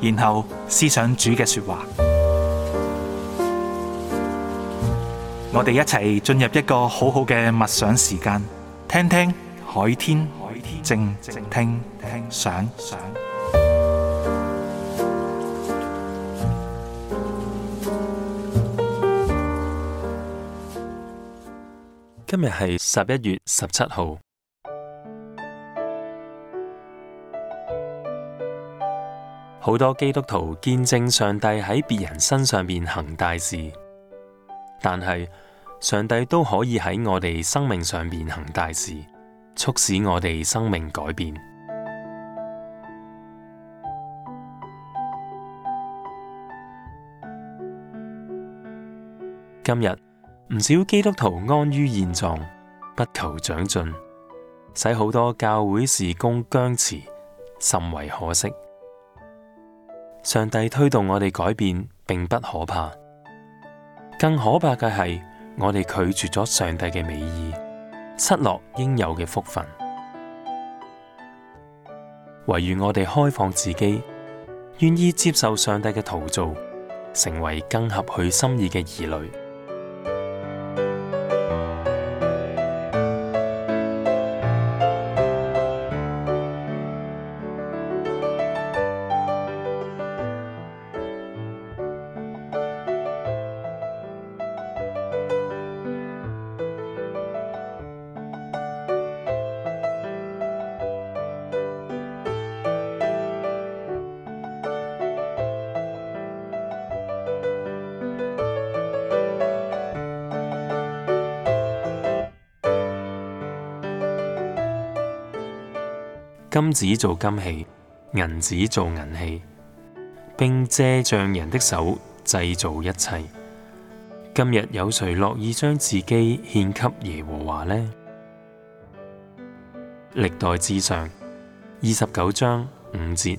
然後思想主嘅說話，嗯、我哋一齊進入一個好好嘅默想時間，聽聽海天靜聽想。今日係十一月十七號。好多基督徒見證上帝喺別人身上面行大事，但係上帝都可以喺我哋生命上面行大事，促使我哋生命改變。今日唔少基督徒安於現狀，不求長進，使好多教會事工僵持，甚為可惜。上帝推動我哋改變，並不可怕，更可怕嘅係我哋拒絕咗上帝嘅美意，失落應有嘅福分。唯願我哋開放自己，願意接受上帝嘅陶造，成為更合佢心意嘅兒女。金子做金器，銀子做銀器，並借匠人的手製造一切。今日有誰樂意將自己獻給耶和華呢？歷代志上二十九章五節。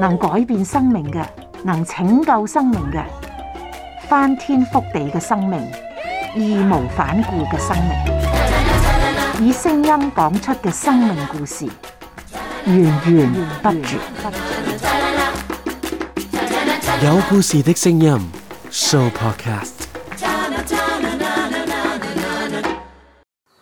能改變生命嘅，能拯救生命嘅，翻天覆地嘅生命，義無反顧嘅生命，以聲音講出嘅生命故事，源源不絕。有故事的聲音 Sooo Podcast。